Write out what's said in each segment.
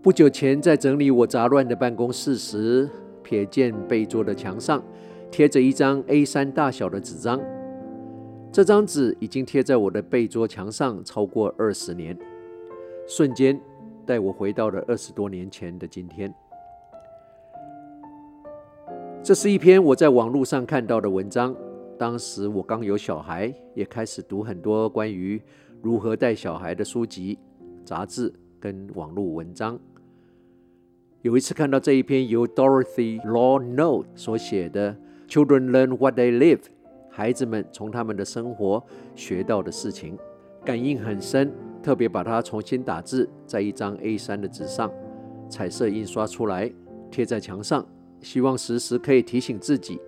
不久前，在整理我雜亂的辦公室時，瞥見背桌的牆上貼着一張 A3 大小的紙張。這張紙已經貼在我的背桌牆上超過二十年，瞬間帶我回到了二十多年前的今天。這是一篇我在網絡上看到的文章，當時我剛有小孩，也開始讀很多關於如何帶小孩的書籍、雜誌跟網絡文章。有一次看到這一篇由 Dorothy Law Note 所寫的《Children Learn What They Live》，孩子們從他們的生活學到的事情，感應很深，特別把它重新打字在一張 A3 的紙上，彩色印刷出來貼在牆上，希望時時可以提醒自己。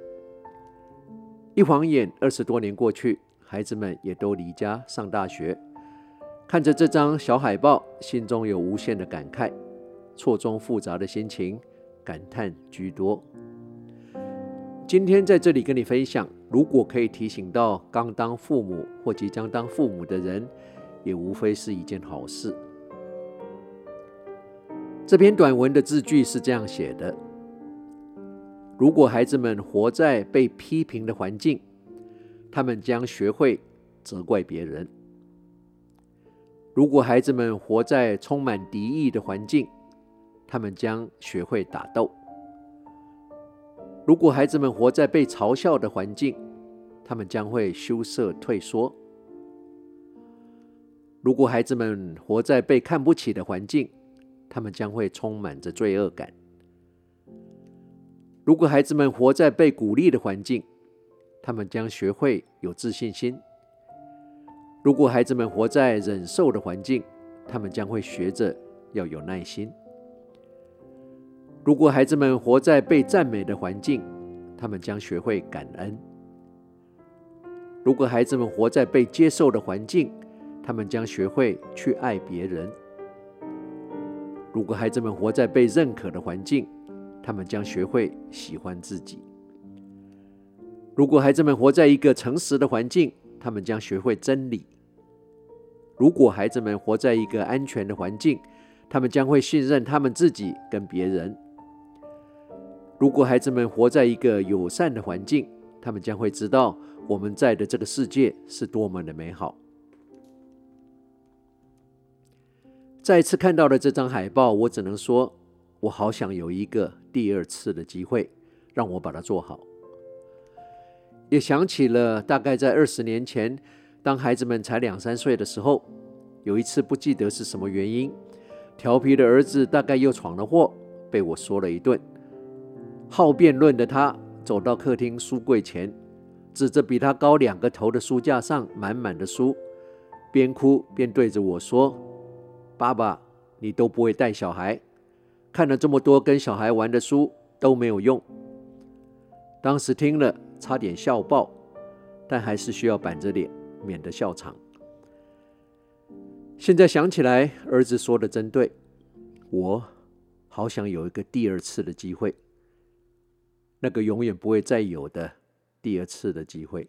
一晃眼，二十多年過去，孩子們也都離家上大學，看着這張小海報，心中有無限的感慨。錯綜複雜的心情，感嘆居多。今天在這裡跟你分享，如果可以提醒到剛當父母或即將當父母的人，也無非是一件好事。這篇短文的字句是這樣寫的：如果孩子們活在被批評的環境，他們將學會責怪別人；如果孩子們活在充滿敵意的環境，他們將學會打鬥。如果孩子們活在被嘲笑的環境，他們將會羞澀退縮；如果孩子們活在被看不起的環境，他們將會充滿着罪惡感；如果孩子們活在被鼓勵的環境，他們將學會有自信心；如果孩子們活在忍受的環境，他們將會學着要有耐心。如果孩子們活在被讚美的環境，他們將學會感恩；如果孩子們活在被接受的環境，他們將學會去愛別人；如果孩子們活在被認可的環境，他們將學會喜歡自己；如果孩子們活在一個誠實的環境，他們將學會真理；如果孩子們活在一個安全的環境，他們將會信任他們自己跟別人。如果孩子們活在一個友善的環境，他們將會知道我們在的這個世界是多麼的美好。再一次看到了這張海報，我只能說，我好想有一個第二次的機會，讓我把它做好。也想起了大概在二十年前，當孩子們才兩三歲的時候，有一次不記得是什麼原因，調皮的兒子大概又闖了禍，被我說了一頓。好辯論的他走到客廳書櫃前，指着比他高兩個頭的書架上滿滿的書，邊哭邊對着我說：“爸爸，你都不會帶小孩，看了這麼多跟小孩玩的書都沒有用。”當時聽了差點笑爆，但還是需要板着臉，免得笑場。現在想起來，兒子說的真對，我好想有一個第二次的機會。那個永遠不會再有的第二次的機會。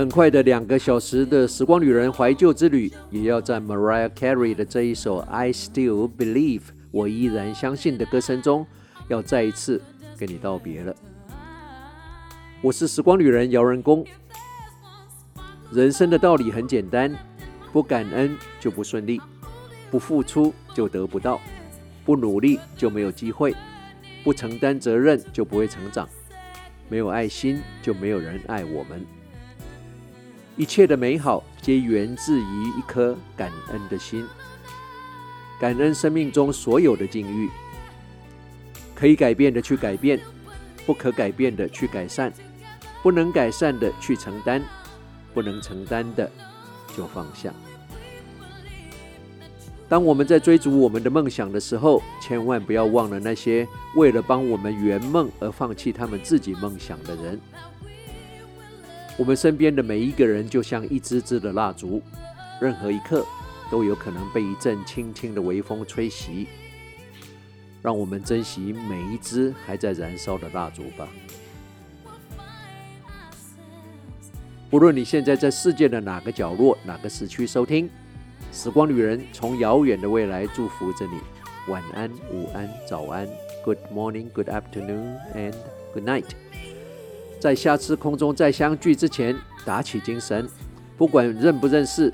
很快的兩個小時的時光旅人懷舊之旅，也要在 Mariah Carey 的這一首《I Still Believe》我依然相信的歌聲中，要再一次跟你道別了。我是時光旅人姚人工。人生的道理很簡單：不感恩就不順利，不付出就得不到，不努力就沒有機會，不承擔責任就不會成長，沒有愛心就沒有人愛我們。一切的美好皆源自於一顆感恩的心，感恩生命中所有的境遇，可以改變的去改變，不可改變的去改善，不能改善的去承擔，不能承擔的就放下。當我們在追逐我們的夢想的時候，千萬不要忘了那些為了幫我們圓夢而放棄他們自己夢想的人。我們身邊的每一個人，就像一支支的蠟燭，任何一刻都有可能被一陣輕輕的微風吹熄。讓我們珍惜每一支還在燃燒的蠟燭吧。不論你現在在世界的哪個角落、哪個時區收聽，《時光旅人》從遙遠的未來祝福着你。晚安、午安、早安，Good morning, Good afternoon, and Good night。在下次空中再相聚之前，打起精神，不管認不認識，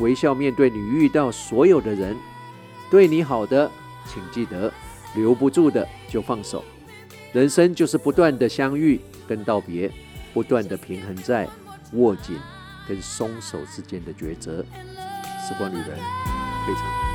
微笑面對你遇到所有的人。對你好的，請記得留不住的就放手。人生就是不斷的相遇跟道別，不斷的平衡在握緊跟鬆手之間的抉擇。時光旅人非常。